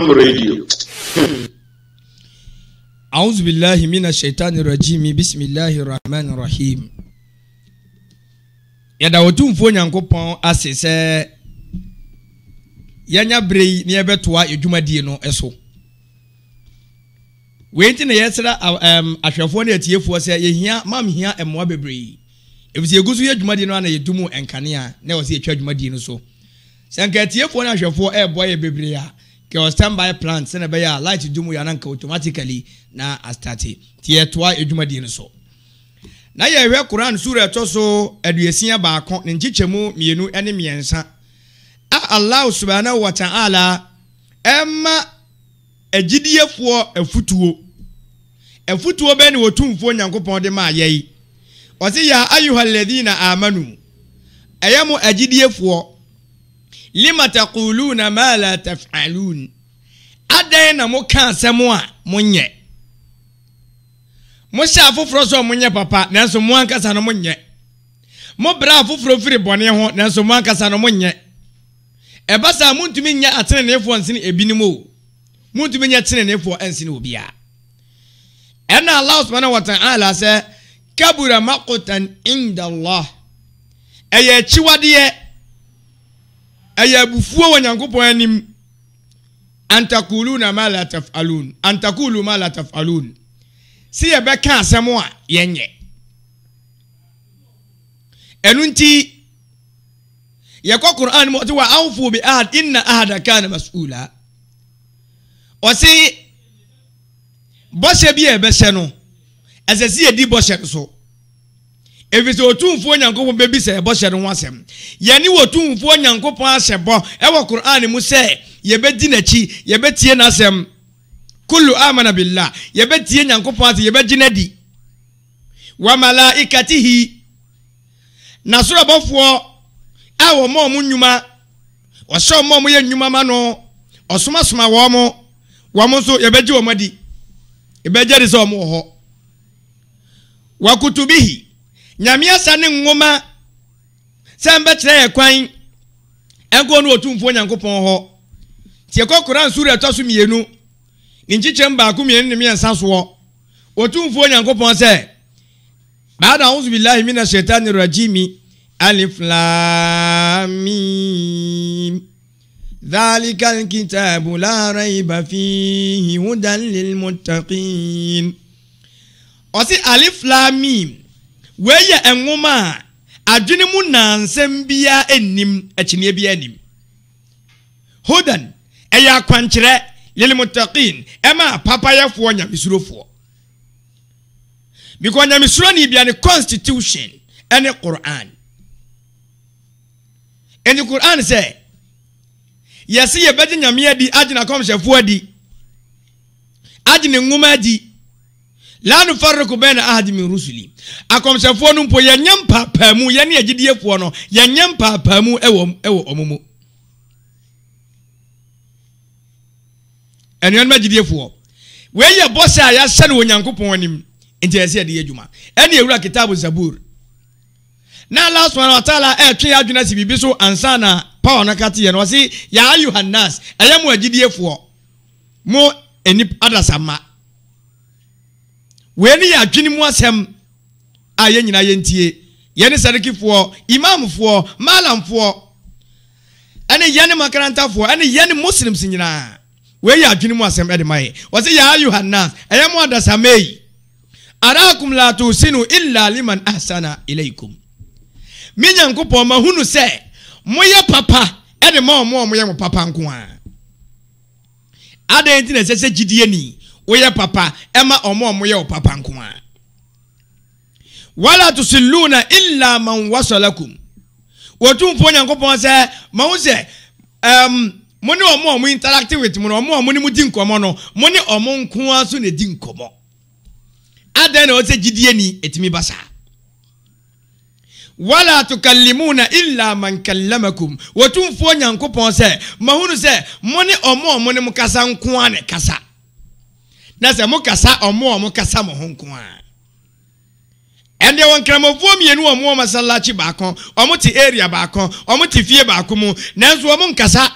Islam Radio. أعوذ mina من الشيطان الرجيم rahman الله الرحمن الرحيم yɛda ɔtumfoɔ nyankopɔn ase sɛ yɛanya berɛ yi na yɛbɛtoa adwumadie no so wei nti na yɛsrɛ ahwɛfoɔ no atiefoɔ sɛ e yɛhia mamhia mmoa bebree ɛfisɛ yɛgu so yɛ adwumadie no ana yɛdu mu nkanea na ɛwɔ sɛ yɛtwa adwumadie no so sɛ nka atiefoɔ no ahwɛfoɔ ɛreboa yɛ bebree a kɛwɔ standby plant sɛnɛ bɛyɛ a light dum yɛ ananka automatically na astate ti yɛtoa adwumadie e no so na yɛhwɛ koran sura ɛtɔ so aduasia baako ne mu mmienu ne mmiɛnsa a allah subhanahu wa ta'ala ɛma agyidiefoɔ afutuo afutuo bɛɛ ne wɔtumfuo nyankopɔn de maa yɛ yi ɔse yɛ ayuha alladhina amanu ɛyɛ mo agyidiefoɔ lima taquluna ma la taf'alun adan na mo ka asɛm a monyɛ mohyɛ afoforɔ so a monyɛ papa nanso mo ankasa no monyɛ mobrɛ afoforɔ firi bɔne ho nanso mo ankasa no monyɛ ɛba saa montumi nyɛ ateneneefoɔ nsene ebinom o montumi nyɛ teneneefoɔ nsene obiara ɛna allah subhanahu wa ta'ala sɛ kabura maqtan inda allah ɛyɛ akyiwadeɛ ɛyɛ abufuo wɔ nyankopɔn anim antakulu na ma la tafalun antakulu ma la tafalun si yɛbɛka asɛm a yɛnyɛ ɛnu nti yɛkɔ quran mu ɔte wa awfo bi ahad inna ahada kana mas'ula ɔsi bɔhyɛ bi a yɛbɛhyɛ no ɛsɛ si yɛdi bɔhyɛ no so efisɛ otumfuo nyankopɔn bɛbisa ɛbɔ hyɛ no ho asɛm yɛne wɔtumfuo nyankopɔn ahyɛ bɔ ɛwɔ koran mu sɛ yɛbɛdi n'akyi yɛbɛtie n'asɛm kulu amana billah yɛbɛtie nyankopɔn ase yɛbɛgye n'adi wa malaikatihi n'asorɔbɔfoɔ a wɔn a wɔn nnwuma wɔhyɛ wɔn a wɔyɛ nnwuma ma no ɔsomasoma wɔn wɔn nso yɛbɛgye wɔn adi yɛbɛgye de sɛ wɔn wɔ hɔ wakutubihi nyame asa ne nwoma sɛ mbɛkyerɛ yɛ kwan ɛnkɔ no ɔtumfoɔ nyankopɔn hɔ nti ɛkɔ koran sura ɛtɔ so mmienu ne nkyekyɛm baako mmienu ne mmiɛnsa soɔ ɔtumfoɔ nyankopɔn sɛ baada ahosu bilahi mina shaitani rajimi alif lamim ذلك الكتاب لا ريب فيه هدى للمتقين أسي ألف لاميم wɔyɛ nwoma a adwene mu nansɛm biara anim akyineɛ biara anim hodan ɛyɛ akwankyerɛ lilmutakin ɛma papayɛfoɔ nyamesurofoɔ because nyamesuro ne bia ne constitution ɛne quran ɛnti quran sɛ yɛse yɛbɛgye nyame adi agye na kɔmhyɛfoɔ adi agye nwoma adi la nufarriku baina ahadi min rusuli akɔmhyɛfoɔ no mpo yɛnyɛ mpaapaa mu yɛne agyidiefoɔ no yɛnyɛ mpaapaa mu ɛwɔ ɛwɔ ɔmo mu anuanom agyidiefoɔ wei yɛ bɔhyɛ a yɛahyɛ no onyankopɔn anim nti yɛsɛ yɛde yɛ adwuma ɛne ewura kitabu zabur na allah subhanahu wa ta'ala ɛɛtwe yɛ adwene si biribi so ansa na power no ka yɛ no ɔse yɛ ayuhannas ɛyɛ mo agyidiefoɔ mo adasama wei ne yɛ adwene mu asɛm a yɛn nyinaa yɛntie yɛne sadikifoɔ imamfoɔ malamfoɔ ɛne yɛne makarantafoɔ ɛne yɛne muslims nyinaa wei yɛ adwene mu asɛm ɛde ma yɛ wɔsɛ yɛa yohanas ɛyɛ mo adasamei arakum la tusinu illa liman ahsana ilaikum me nyankopɔn mahunu sɛ moyɛ papa ɛde ma ɔmo a moyɛ mo papa nko a adɛn nti na ɛsɛ sɛ gyidie nii woyɛ papa ɛma ɔmo ɔmo yɛ wo papa nko a wala tusiluna illa man wasalakum wɔtumfo nyankopɔn sɛ ma wo sɛ um, mo ne ɔmo ɔmo interactive with mo no ɔmo ɔmo ne mo di nkɔmɔ no mo ne ɔmo nko ara so na di nkɔmɔ adan na ɔsɛ gyidie ni etimi ba saa wala tukalimuna illa man kallamakum wɔtumfo nyankopɔn sɛ mahunu sɛ mo ne ɔmo ɔmo ne mo kasa nko ara kasa na sɛ mokasa ɔmo a mokasa mo ho nko a ɛndeɛ wɔ nkramofoɔ mmienu ɔmo wɔ masalachi baako ɔmo te area baako ɔmo te fie baako mu nanso ɔmo nkasa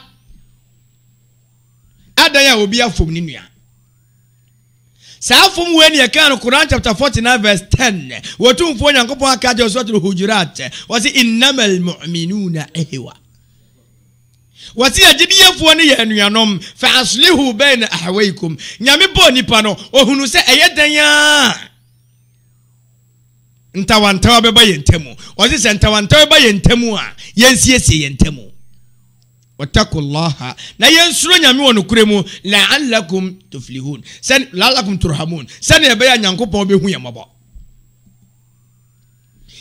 adan a obi afom ne nua saa fom wei ne yɛkaa no koran chapter 49 verse 10 wɔtumfoɔ nyankopɔn aka gye ɔsɔtoro hujurat wɔse innamal na ehwa wɔsi agyiniyefoɔ ne yɛ anuanom fa aslihu bɛn na ahawaikum nyame bɔɔ nipa no ohunu sɛ ɛyɛ dan aa ntawantawa bɛba yɛn ntamu wɔsi sɛ ntawantawa bɛba yɛn ntamu a yɛnsiesie yɛn ntamu wɔtakullaha na yɛnsuro nyame wɔ nokorɛ mu laalakum tuflihun sɛ laalakum turhamun sɛne ɛbɛyɛ a nyankopɔn bɛhu yɛ mmɔbɔ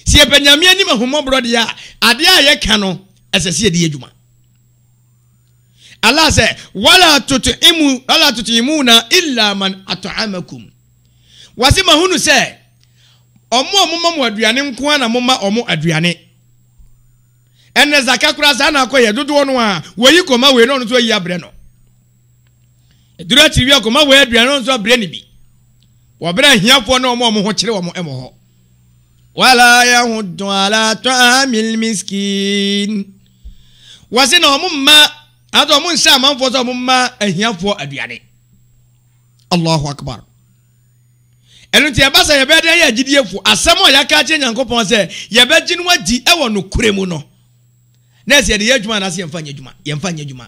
sɛ yɛpɛ nyame anim ahummɔborɔ deɛ a adeɛ a yɛka no ɛsɛ sɛ yɛde yɛ adwuma Allah said, "Wala tutimu, wala tutimuna illa man at'amakum." Wasi mahunu sɛ, ɔmo a moma mo aduane nko ara na moma ɔmo aduane. Ɛnɛ zaka kura saa na akɔ yɛ dodoɔ no a, wɔyi kɔma wei na ɔno nso ayi abrɛ no. Eduru akyiri wia kɔma wei aduane na ɔno nso abrɛ ne bi. Wɔbrɛ ahiafoɔ na ɔmo a ɔmo ho kyerɛ wɔn ɛwɔ hɔ. Wala yahudu ala ta'amil miskin. Wasi na ɔmo mma atɔ mo nhyɛ amanfoɔ sɛ ɔmoma ahiafoɔ aduane allahu akbar ɛno nti ɛba sɛ yɛbɛyɛ yɛ agyidiefoɔ asɛm a yɛaka kyerɛ nyankopɔn sɛ yɛbɛgye no adi ɛwɔ nokorɛ mu no na ɛsɛ yɛde yɛ adwuma anaasɛ yɛmfa nyɛ adwuma yɛmfa nyɛ adwuma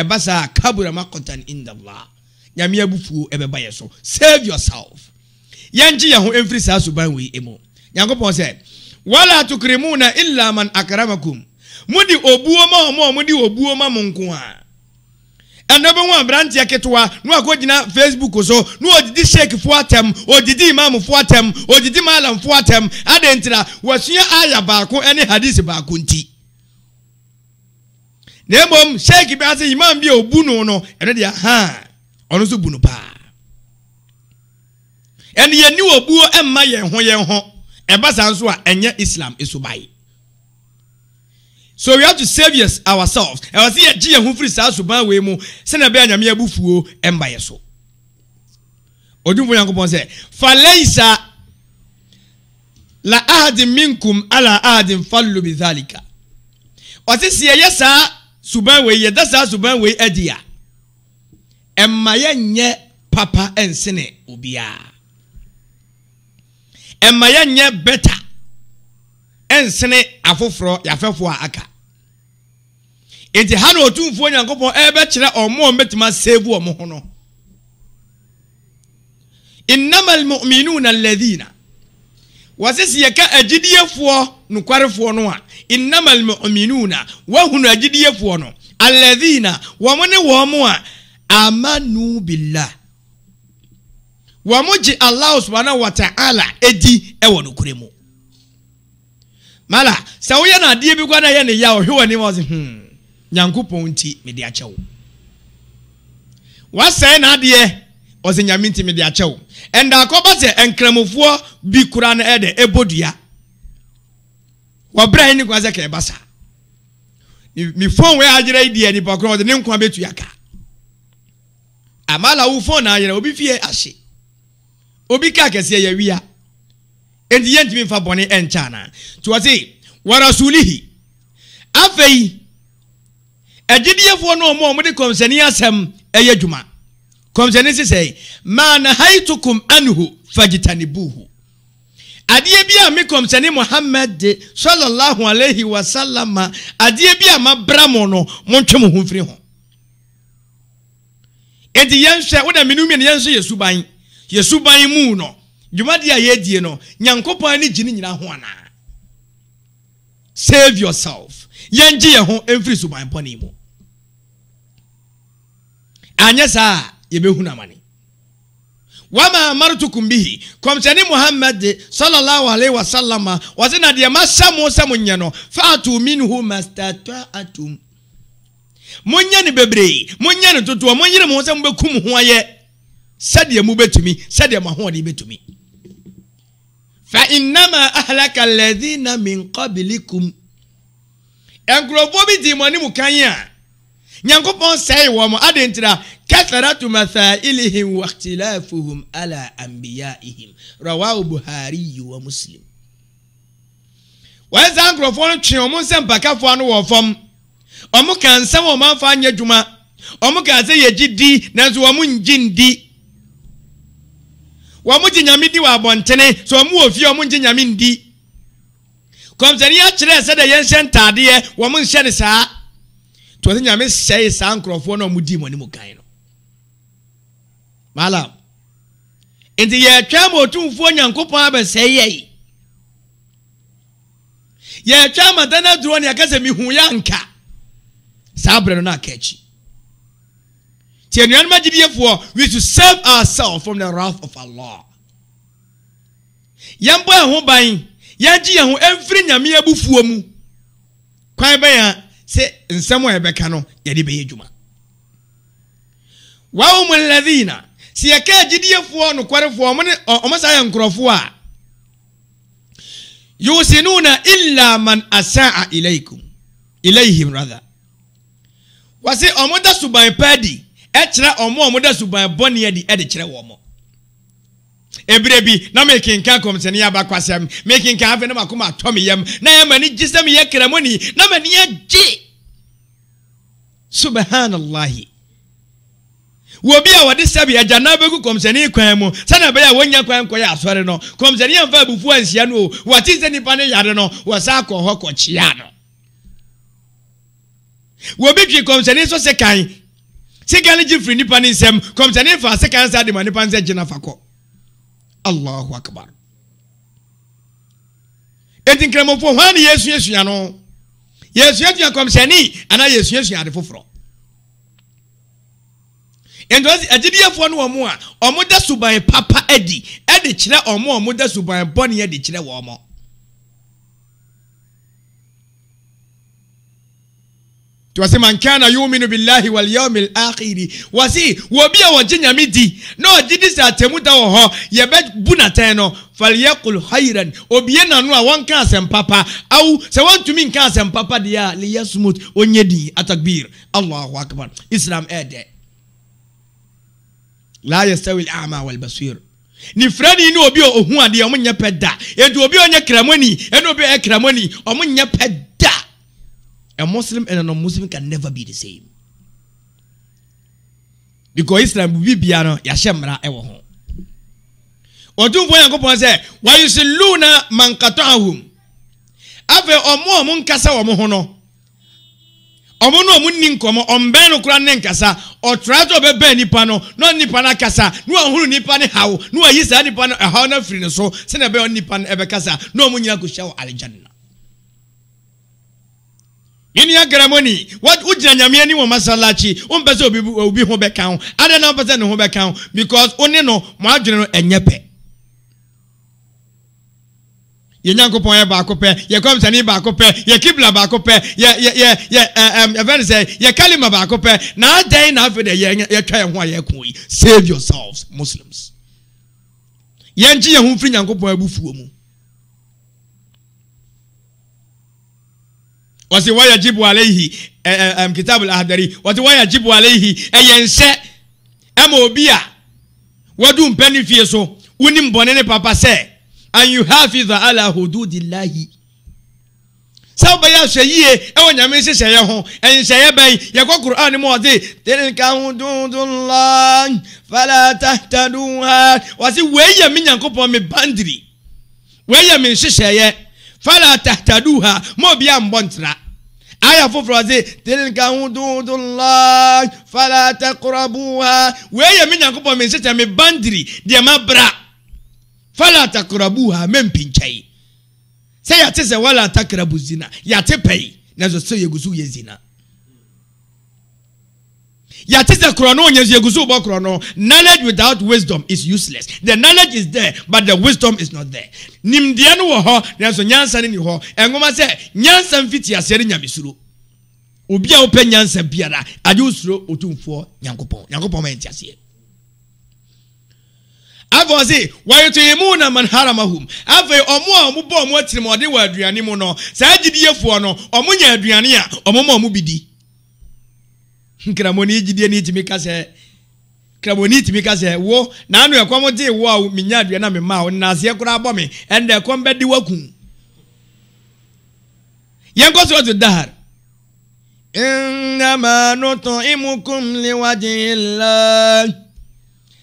ɛba saa kabura makotan indallah nyame abufuo ɛbɛba yɛ so save yourself yɛngye yɛn ho ɛmfiri saa suban wei mu nyankopɔn sɛ wala tukrimuna illa man akaramakum. Mudi obuo ma ɔmo a ɔmo de obuo ma mo nko a ɛnna bɛ wọn aberanteɛ ketewa na wakɔ gyina facebook so na odidi sheikfoɔ atɛm odidi imamfoɔ atɛm odidi malamfoɔ atɛm adantira wɔsua aya baako ɛne hadisi baako nti na mmom sheik bi ase imam bi a obu no no ɛno deɛ haa ɔno nso bu no paa ɛnna yɛn ni obuo ɛmma yɛn ho yɛn ho ɛbasa nso a ɛnyɛ islam esubae so we have to save yes, ourselves ɛwɔ sɛ yɛgye yɛn ho firi saa suban wei mu sɛnɛ bɛyɛ nyame abufuo ɛmba yɛ so odumfo nyankopɔn sɛ falaisa la ahadin minkum ala ahadin fallu bi dhalika ɔte sɛ yɛyɛ saa suban wei yɛda saa suban wei adi a ɛmma yɛnyɛ papa ɛnsene obiara ɛmma yɛnyɛ better ɛnsene afoforɔ yafɛfoɔ a aka nti ha na otumfuo nyankopɔn ɛbɛkyerɛ ɔmo a mbɛtuma seebu ɔmo ho no innamal mu'minuna alladhina wɔsisi yɛka agyidiefoɔ nokwarefoɔ no a innamal na wahunu agyidiefoɔ no alladhina wɔn ne wɔn a amanu billah wɔn gye allah subhanahu wa ta'ala edi ɛwɔ nokure mu mala sɛ woyɛ no adeɛ bi kwa na ɛyɛ ne yɛ a ɔhwe w'anim a ɔse hmm nyankopɔn nti mede akyɛ wo wasɛe n'adeɛ ɔsɛ nyame nti mede akyɛ wo ɛnda akɔba sɛ nkramofoɔ bi kora no ɛdɛ ɛbɔ dua wɔbrɛ ne kwa sɛ kɛɛba saa me wei agyerɛ yi deɛ nipa korɔ ɔde ne nkwa bɛtua ka amala wo phone na ayerɛ obi fie ahye obi ka akɛseɛ yɛwia enti yɛntumi mfa bɔne ɛnkyɛ anaa nti wɔ warasulihi afei agyidiefoɔ no ɔmo a ɔmode kɔmsɛni asɛm ɛyɛ adwuma kɔmsɛni sisɛ maa nahaitukum anhu fagitanibuhu adeɛ bi a me kɔmsɛni muhammad sallallahu alaihi wa sallam adeɛ bi a mabra mo no montwe mo ho mfiri ho enti yɛnhwɛ woda menu mmienu yɛn nso yɛ suban yɛ suban mu no dwumadi a yɛdie no nyankopɔn ani gye ne nyina ho anaa save yourself yɛngye yɛn ho mfiri suban bɔne mu anyɛ saa a yɛbɛhunu amane wama amartukum bihi kɔmhyɛne muhammad de sallallahu alaihi wasallama wɔse na deɛ mahyɛ mo sɛ monyɛ no faatu minhu mastataatum monyɛ ne bebree monyɛ ne totoɔ monyere mo ho sɛ mobɛku mo ho ayɛ sɛdeɛ mobɛtumi sɛdeɛ mo bɛtumi fa innama ahlaka alladhina min qablikum nkurɔfoɔ bi di mu anim kan yi a nyankopɔn sɛe wɔn mo adi ntira katharatu masailihim wa ikhtilafuhum ala anbiyaihim rawahu buhari wa muslim wɔn saa nkurɔfoɔ no twe wɔn nsɛm pakafoɔ no wɔ fam wɔn ka nsɛm wɔn afa nyɛ dwuma wɔn ka sɛ yɛ gyi di nanso wɔn ngyi ndi wɔn gye nyame di wɔ abɔntene so wɔn wɔ fie wɔn gye nyame ndi kɔmsɛni akyerɛ sɛ de yɛnhyɛ ntaadeɛ wɔn nhyɛ ne saa to wɔn nyame hyɛe saa nkorɔfoɔ na wɔn di wɔn anim kan no maala nti yɛretwa ma otumfuo nyankopɔn abɛsɛe yɛi yɛretwa ma dana duro ne yɛka mihu yanka, anka saa abirɛ no na aka akyi ti anuanom agyidiefoɔ we should save ourselves from the wrath of allah yɛn bɔ yɛn ho ban yɛn gye yɛn ho mfiri nyame abufuo mu kwan bɛyɛ sɛ nsɛm a yɛbɛka no yɛde bɛyɛ adwuma wahum alladhina sɛ yɛka agyidiefoɔ nokwarefoɔ ɔmo ne ɔmo saa yɛ nkorɔfoɔ a yusinuna illa man asaa ilaikum ilaihim rather Wasi ɔmo da suban ɛkyerɛ ɔmo a ɔmoda suban bɔne adi ɛde kyerɛ wɔ mo ebire bi na mekenka kɔmsɛne abakwasɛm mekenka afei ne makoma atɔ me yam na yɛ m'ani gye sɛ meyɛ kramɔni na m'ani agye subhanallahi wobi a wɔde sɛbi agya na bɛgu kɔmsɛni kwan mu sɛnɛ bɛyɛ a wɔnya kwan kɔyɛ asɔre no kɔmsɛni yɛmfa abufu ansia no o wɔte sɛ nipa ne yare no wɔsa akɔ hɔ kɔkyea no wobi twi kɔmsɛni so se kan sika no gye firi nipa ne nsɛm kɔmsɛne fa sika nsa de ma nipa nsɛ gyina fa kɔ allahu akbar enti nkramofo hwan ne yɛsuasua no yɛsuasua kɔmsɛne anaa yɛsuasua ade foforɔ ntosi agyidiefoɔ no wɔn a wɔn da suban papa adi de kyerɛ wɔn a wɔn da suban bɔne de kyerɛ wɔn tiwasema nkana yuminu billahi walyaumi lakhiri wasi wobi a wɔgye nyame di na ɔgye di sɛ atemu da wɔ hɔ yɛbɛbu natɛn obie nanua a wɔnka asɛm papa aw sɛ wɔntumi nka asɛm papa deɛ a liyasmut atakbir allahu akbar islam ede. la yastawi lama wal basir. Ni freni inu obio ohuwa diya. Omu nye peda. ɛnti obio nye ɔnyɛ kramoni obio e a Omu nye peda. A Muslim and a non Muslim can never be the same. Because Islam will be biano, Yashemra ewo. Ọdúnfọ̀ yẹn kọ́pọ̀ sẹ́, wàyí sí lùnà mànkàtọ́ àhùn. Afẹ́ ọmọ ọmọ nkasa ọmọ ho no. Ọmọ náà ọmọ ní nkọmọ, ọ̀nbẹ́n no kura ní nkasa, ọ̀túrá tó bẹ bẹ́ẹ̀ nípa no, náà nípa náà kasa, ní ọ̀hún nípa ní hàwù, ní wàyí sá nípa náà ẹ̀há náà firi ní so, sẹ́ni ẹ̀bẹ́ nípa náà ẹ̀bẹ́ kasa, No ọmọ nyina kò ṣe àwọn àlìjáde náà. yini agramoni what wogyina nyame ani wɔ masalachi wompɛ sɛ obi ho bɛka ho adɛn na wopɛ ne ho bɛka because wo no mo adwene no ɛnyɛ pɛ yɛ nyankopɔn yɛ baako pɛ yɛ kɔmsani baako pɛ yɛ kibla baako pɛ yɛ yɛ yɛ yɛ ɛm ɛfɛn sɛ yɛ kalima baako pɛ na adɛn na afei de yɛ yɛtwa yɛn ho a kun yi save yourselves muslims yɛn kyi yɛn ho firi nyankopɔn abufuo mu wɔsi wɔyɛ jibu alehi ɛɛ eh, ɛm eh, kitabu ahadari wɔsi wɔyɛ jibu alehi ɛyɛ eh, nsɛ ɛma obi a wɔdu mpɛni fie so wuni mbɔne ne papa sɛ and you have either ala hududi lahi sáwọn bɛyɛ ahyɛ yie ɛwɔ nyame nhyehyɛeɛ ho ɛnhyɛeɛ bɛn yɛkɔ kuran mu ɔde tilka hududullah fala tahtaduha wɔsi wei yɛ me nyankopɔn me bandiri wei yɛ me nhyehyɛeɛ fala tahtaduha mo obi a mbɔ ntira aya foforɔ se tilka hududullah fala takrabuha wei yɛ me nyankopɔn me nsekyɛ me bandiri deɛ mabra fala takrabuha mempi nkyɛe sɛ yɛate sɛ wala takrabu zina yɛate pɛi nanso sɛ yɛgu so yɛ zina yàtí sẹ kúrọ̀ náà yẹn yegu sóòbọ̀ kúrọ̀ náà knowledge without wisdom is useless the knowledge is there but the wisdom is not there nimdeɛ no wɔ hɔ nanso nyansa no ni hɔ ɛnwoma sɛ nyansa mfiti aseɛ no nyamesuro obi a wopɛ nyansa biara ade osuro otumfoɔ nyankopɔn nyankopɔn ma yɛnti aseɛ afɔ se wɔyɛtɔyɛmu na manharamahum afei ɔmo a ɔmo bɔ ɔmo atirimɔden wɔ aduane mu no saa gyidiefoɔ no ɔmo nya aduane a ɔmo ma ɔmo bi di nkramoni gyidie ne tumi ka sɛ nkramoni tumi ka sɛ wo naanu ɛkɔm gye wo a minya aduane na mi ma wo nnaseɛ koraa bɔ mi ɛnna ɛkɔm bɛdi wakum yɛn kɔ so ɔtɔ dahar. إنما نطعمكم لوجه الله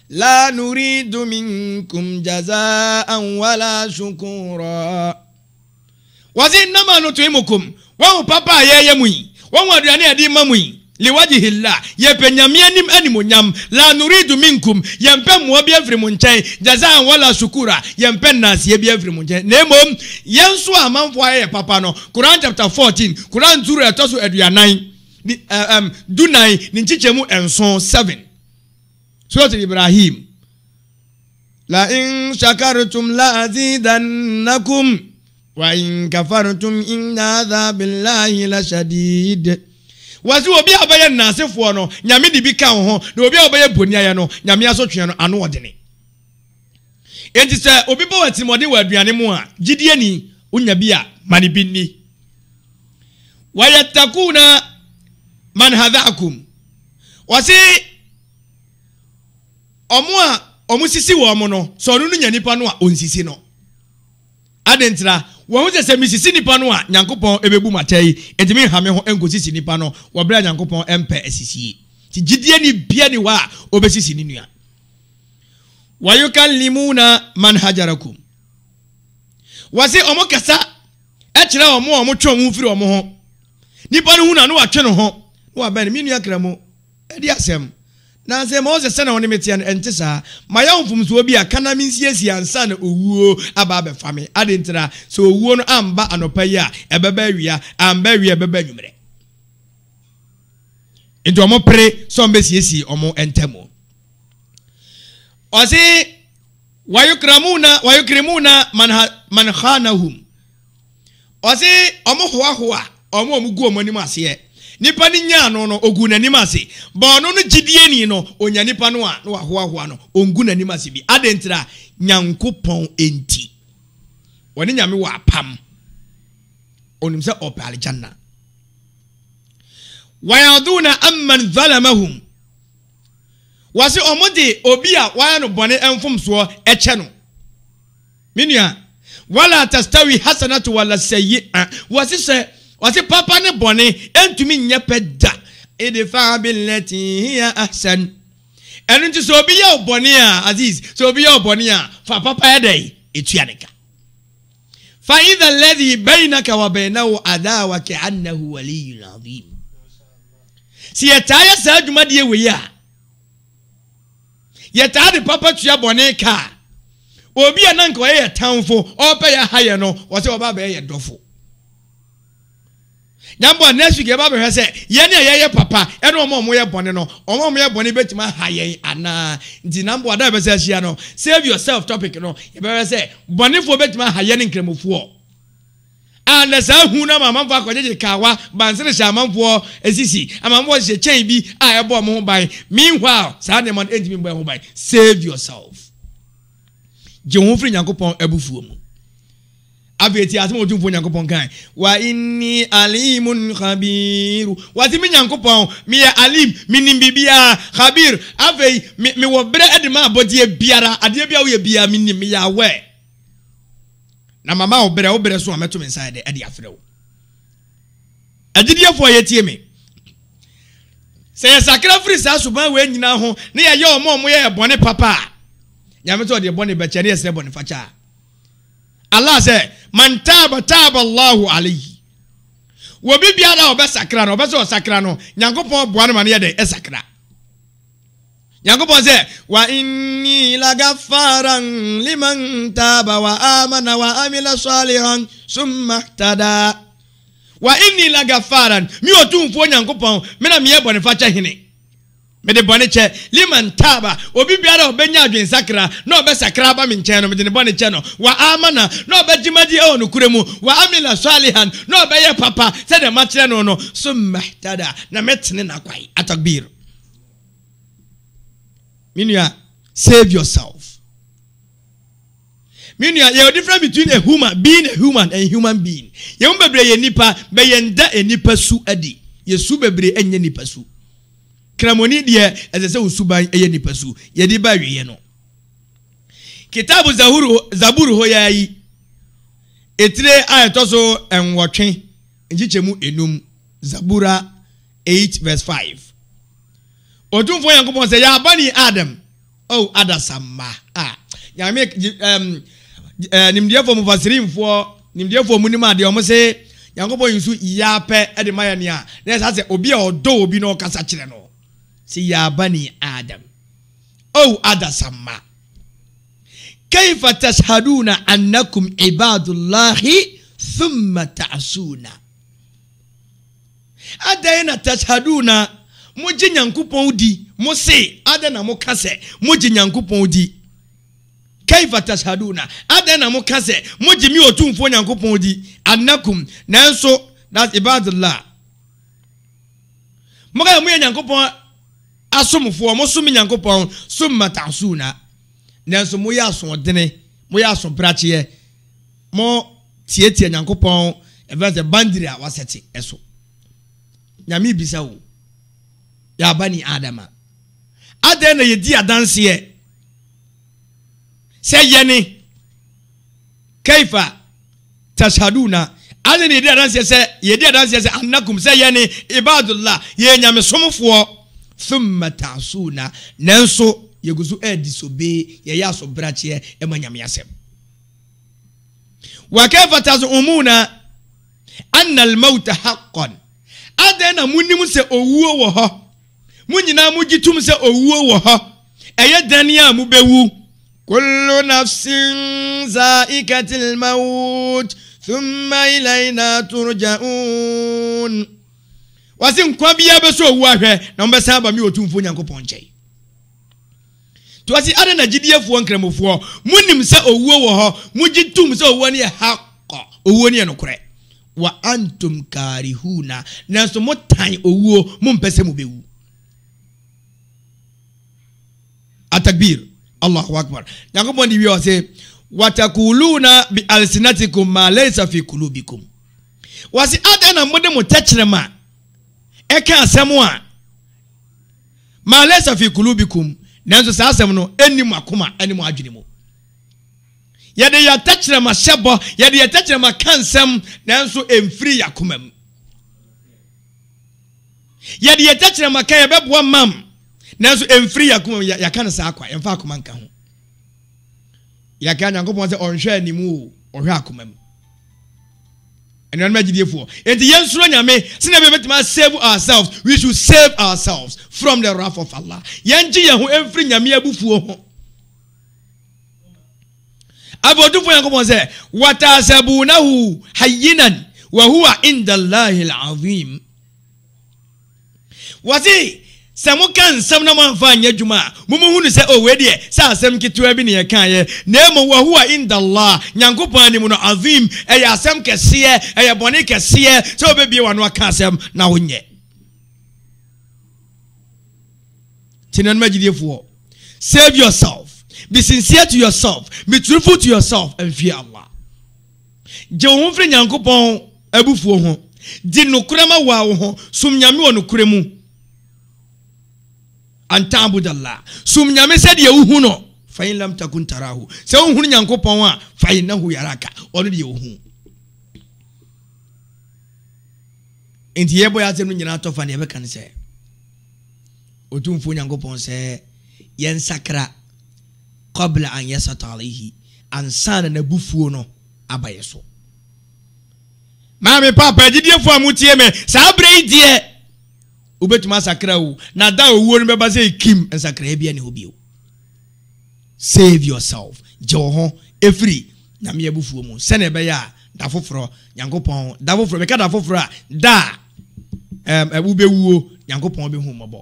لا نريد منكم جزاء ولا شكورا وزي إنما نطعمكم وهو بابا يا يموي وهو أدراني أدي مموي liwajihillah yɛpɛ nyame anim animonyam la nuridu minkum yɛmpɛ mmoa bi afiri mo nkyɛn jazaan wala sukura yɛmpɛ nnaseɛ bi afiri mo nkyɛn na mmom yɛn nso a amanfoɔ ayɛyɛ papa no koran chapter fourteen. koran turo ɛtɔ so aduanan dunan ne nkyekyɛmu nson seven. surat ibrahim la in shakartum la nakum. wa in kafartum inna la lashadid wɔsi obi a ɔbɛyɛ nansefoɔ no nyame de bi ka ho ho na obi a ɔbɛyɛ boniayɛ no nyame asotwea no ano ɔdene eti sɛ obi bɔ wɔtimɔden wɔ aduane mu a gyidie ni wonya bi a mane bi ni wɔyɛ takuu na manhadhakum wɔsi ɔmo a ɔmo sisi wɔn mo no sɛ ɔno no nya nipa no a onsisi no adentira wɔn sɛ sɛ misisi nipa no a nyankopɔn ebebu ma kyɛ yi etimi hame ho nkosisi nipa no wɔbrɛ nyankopɔn mpɛ esisie ti gyidie ni bia ni hɔ a obesisi ne nua wayuka limuna man hajarakum wɔsi wɔn kasa ɛkyerɛ wɔn a wɔn twɛn wɔn firi wɔn ho nipa no hu na no wɔatwe ne ho na wɔabɛn ne mi nua kra mu ɛdi asɛm na sɛ ma ɔsɛ sɛ na wɔne me teɛ no ɛnte saa mayɛ wo mfomsoɔ bi a kana mensiesie ansa na owuo aba abɛfa me ade ntira sɛ owuo no amba anɔpa yi a ɛbɛba awia amba awia ɛbɛba anwummerɛ nti ɔmo pere sɛ ɔmbɛsiesie ɔmo ntamu ɔse wayukramuna wayukrimuna manhanahum ɔse ɔmo hoahoa ɔmo ɔmo gu ɔmo anim aseɛ nipa ne nya ano no ogu n'anim ase bɔɔno no gyidie ni no onya nipa no a na wahoahoa no ongu n'anim ase bi adentira nyankopɔn enti wɔne nyame wɔ apam onim sɛ ɔpɛ aljanna wayaduna amman zalamahum wɔse ɔmo de obi a wayɛ no bɔne mfomsoɔ ɛkyɛ no menua wala atastawi hasanatu wala sayi'a wɔse sɛ wɔsi papa ne bɔnne ɛntumi nyɛ pɛ da edefa bi lɛti hiya asɛn ɛnu ti sɛ obi yɛ o a aziz sɛ obi yɛ o a fa papa yɛ dɛ etua ne ka fa idha lɛdi bɛyina ka wa bɛyina wo ada wa kɛ anahu wali yunadi si yɛ taa yɛ saa adwuma deɛ wei a yɛ taa de papa tua bɔnne ka obi a nanka ɔyɛ yɛ tanfo ɔpɛ yɛ ha yɛ no wɔsi ɔba bɛyɛ yɛ dɔfo yàmbọ next week yẹba bẹhẹ sẹ yẹn a ẹyẹ yẹ papa ẹni ọmọ ọmọ yẹ bọni no ọmọ ọmọ yẹ bọni bẹ tìmọ ha yẹn ana nti nambọ ada yẹ bẹ sẹ ẹhyia no save yourself topic no yẹ bẹ sẹ bọnifo bẹ tìmọ ha yẹn ni nkirimofoɔ ana saa hu na amanfoɔ kawa bansere hyɛ amanfoɔ esisi amanfoɔ hyɛ kyɛn bi a ɛbɔ ɔmo ho ban meanwhile saa nneɛma no ɛntumi bɔ ɛho ban save yourself gye ho firi nyankopɔn abufuo mu afei ati asɛm a ɔtumfoɔ nyankopɔn kan wa inni alimun khabiru wate me nyankopɔn meyɛ alim menim biribiaa khabir afei mewɔ bere de ma abɔdeɛ biara adeɛ bi a woyɛ biara menim meyɛ awɛ na mama o bere o bere so a mɛto me nsa de ade afrɛ wo agyidiefoɔ yɛtie me sɛ yɛsakra firi saa suban wei nyinaa ho ne yɛyɛ ɔmo ɔmo yɛ bɔne papa a nyame sɛ ɔde bɔne bɛkyɛ ne yɛsrɛ bɔne fakyɛ a allah sɛ man taaba taaba allahu alayhi wobi biara a ɔbɛ sakra no ɔbɛ sɛ ɔsakra no nyankopɔn boa no ma no yɛ dɛ ɛsakra nyankopɔn sɛ wa inni lagafaran liman taaba wa amana wa amila salihan summa tada wa inni lagafaran mi otumfuo nyankopɔn mena meyɛ bɔnefakyɛ hene mede bɔne kyɛ liman taba obi biara a ɔbɛnya adwensakra na ɔbɛsakra aba me nkyɛn no mede ne bɔne kyɛ no wa amana na ɔbɛgyemadi ɛwɔ nokorɛ mu wa amila salihan na ɔbɛyɛ papa sɛdeɛ makyerɛ no no so mahtada na mɛtene nakwae atakbir menua save yourself menua yɛwɔ different between a human being a human and human being yɛmu bebree yɛ nipa bɛyɛ nda nipa su adi yɛsu bebree ɛnyɛ nipa su kramoni deɛ ɛsɛ sɛ osuban ɛyɛ nipa su yɛde ba awieɛ no kitaabu zahuru zaburu hɔ yaa yi etire a ɛtɔ so nwɔtwe nkyikyɛmu enum zabura eight verse five otumfo yankunpɔn sɛ yaba ni adam ɔwɔ adasamma a nyame ɛm ɛɛ nimdeɛfo mu fasirinfoɔ nimdeɛfo mu nim adeɛ ɔmo se yankunpɔn yi nso yaapɛ ɛde mayɛ nia na yɛ sɛ obi a ɔdɔ obi na ɔkasa kyerɛ no sɛ ya bani adam o adasamma kaifa tashaduna annakum ibadullahi thumma ta'suna adɛn na tashaduna mogye nyankopɔn di mo se adɛn na moka sɛ mogye nyankopɔn di kaifa tashaduna adɛn na moka sɛ mogye mi ɔtumfoɔ nyankopɔn di annakum nanso that's ibadullah moka moyɛ nyankopɔn asomfoɔ mosom nyankopɔn som mataso na nanso moyɛ asoɔdene moyɛ asomprakyeɛ mo tietie nyankopɔn ɛfɛ sɛ bandiri a wasɛte ɛso nyame bisa wo yɛaba ni adam a adɛn na yɛdi adanseɛ sɛ yɛne kaifa tashaduna adɛn na yɛdi adanseɛ sɛ yɛdi adanseɛ sɛ annakum sɛ yɛne ibadullah yɛ nyamesomfoɔ thumma ta'suna nanso yɛgu so ɛdisobee yɛyɛ asobrakyeɛ ɛma nyame asɛm wa kaifa tazumuna anna almauta haqqan adɛn na munim sɛ owuo wɔ hɔ mo nyinaa mogye tom sɛ owuo wɔ hɔ ɛyɛ dane a mobɛwu kullu nafsin za'ikat almaut thumma ilaina turja'un Wasi nkwa biara bɛ owu ahwɛ na wɔn bɛsan aba mi otumfo nyankopɔn nkyɛn tí wɔsi ada na gyidiefoɔ nkramofoɔ mu nim sɛ owuo wɔ hɔ mu gyi tum sɛ owuo no yɛ ha kɔ owuo no yɛ nokorɛ wa antum kaarihuna nanso mo tan owuo mo mpɛ sɛ mo bɛwu atakbir allahu akbar nyankopɔn de wie wɔ sɛ watakuluna bi alisinatikum ma laysa fi kulubikum wɔsi ada na mo de mo tɛkyerɛ ma ɛka asɛm a maalesa fi kulu bi kum nanso saa asɛm no ɛnim akoma ɛnim adwene mu yɛde yɛ tɛkyerɛma hyɛbɔ yɛde yɛ tɛkyerɛma ka nsɛm nanso ɛmfiri yɛ akoma mu yɛde yɛ tɛkyerɛma ka yɛbɛboa mam nanso ɛmfiri yɛ akoma mu yɛka no saa kwa yɛmfa akoma nka ho yɛka nyankopɔn sɛ ɔnhwɛ anim o ɔhwɛ akoma mu And anuanom the enti yɛn nsoro nyame sɛnea bɛ to save ourselves we should save ourselves from the wrath of allah who yɛn gye yɛn ho mfiri nyame abufuo ho abɔdunfoɔ nyankopɔn sɛ watasabunahu hayinan wahuwa indallahi alazim wɔsi sɛ moka nsɛm na moamfa anyɛ adwuma a momohunu sɛ owei oh, deɛ sɛ asɛm ketewa bi ne yɛkaeɛ na mmom wahowa indallah nyankopɔn anim no azim ɛyɛ asɛm kɛseɛ ɛyɛ bɔne kɛseɛ sɛ wobɛbie wano aka asɛm na wonyɛ tinanom agyidiefoɔ save yourself be sincere to yourself be truthful to yourself and fear allah gye wo ho mfiri nyankopɔn abufuo ho di nokorɛ ma waa wo ho som nyame wɔ nokorɛ mu antabudallah sum nyame sɛdeɛ wohu no fa in lam takun tarahu sɛ wohunu nyankopɔn a fa innahu yaraka ɔno deɛ wohu nti yɛbɔ yɛ asɛm no nyinaa tɔ fa ne yɛbɛka ne sɛ ɔtumfuo nyankopɔn sɛ yɛnsakra kɔbla an yɛsata alaihi ansa na nabufuo no aba yɛ so maame papa agyidiefoɔ a motie me saa berɛ yi deɛ wobɛtumi asakra wo na da owuo no bɛba sɛ ɛkim nsakraeɛ bia ne hɔ bio save yourself gye wo ho ɛfiri nyame abufuo mu sɛne ɛbɛyɛ a da foforɔ nyankopɔn da foforɔ bɛka da foforɔ a da a wobɛwuo nyankopɔn bɛhu mmɔbɔ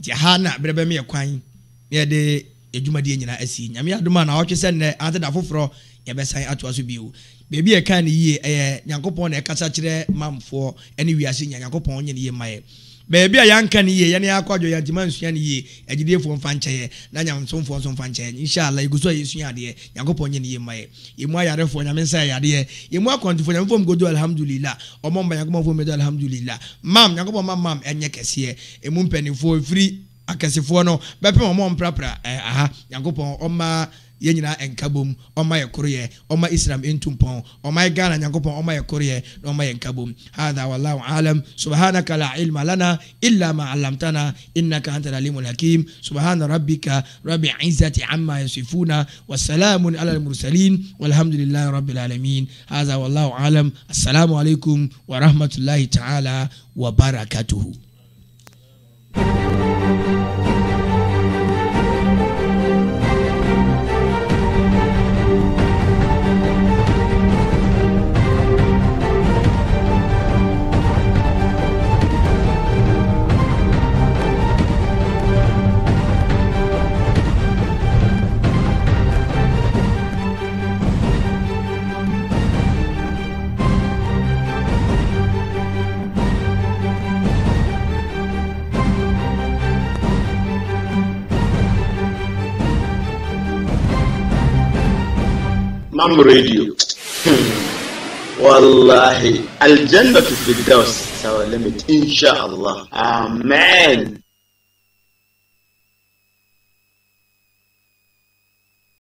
nti ha na berɛ bɛ meyɛ kwan na yɛde adwumadeɛ nyinaa asi nyame adom a na ɔtwe sɛ nnɛ ante da foforɔ yɛbɛsan atoa so bio beebi ɛka ne yie eh, ɛyɛ nyankopɔn na ɛkasa kyerɛ mamfoɔ ɛne wiase nya nyankopɔn nyɛ ne yie ma yɛ beebi a yanka ne yie yɛne akɔ adwo yɛn ntoma nsua ne yie agyidiefoɔ mfa nkyɛyɛ na nyamsomfoɔ nso mfa nkyɛyɛ inshallah egu so a yɛsua adeɛ nyankopɔn nyɛ ne yie ma yɛ yɛmu ayarefoɔ nyame nsa yɛ adeɛ yɛmu akɔntefoɔ nyame fom godo alhamdulillah ɔmɔ mba nyankopɔn fom godo alhamdulillah mam nyankopɔn ma mam ɛnyɛ kɛseɛ emu mpanimfoɔ efiri akɛsefoɔ no bɛpem ɔmɔ mprapra ɛɛ aha nyankopɔn ɔmaa yɛn nyinaa ɛnka bom ɔma yɛ koroyɛ ɔma islam ɛntu mpɔn ɔma yɛ ghana nyankopɔn ɔma yɛ koroyɛ na ɔma yɛ nka bom hadha wallahu alam subhanaka la ilma lana illa ma allamtana innaka anta lalimul hakim subhana rabbika rabbi izzati amma yasifuna wasalamun ala almursalin walhamdulillahi rabbil alamin hadha wallahu alam assalamu alaikum wa ta'ala wa ام راديو والله الجنه في الدوس سوى ليميت ان شاء الله امين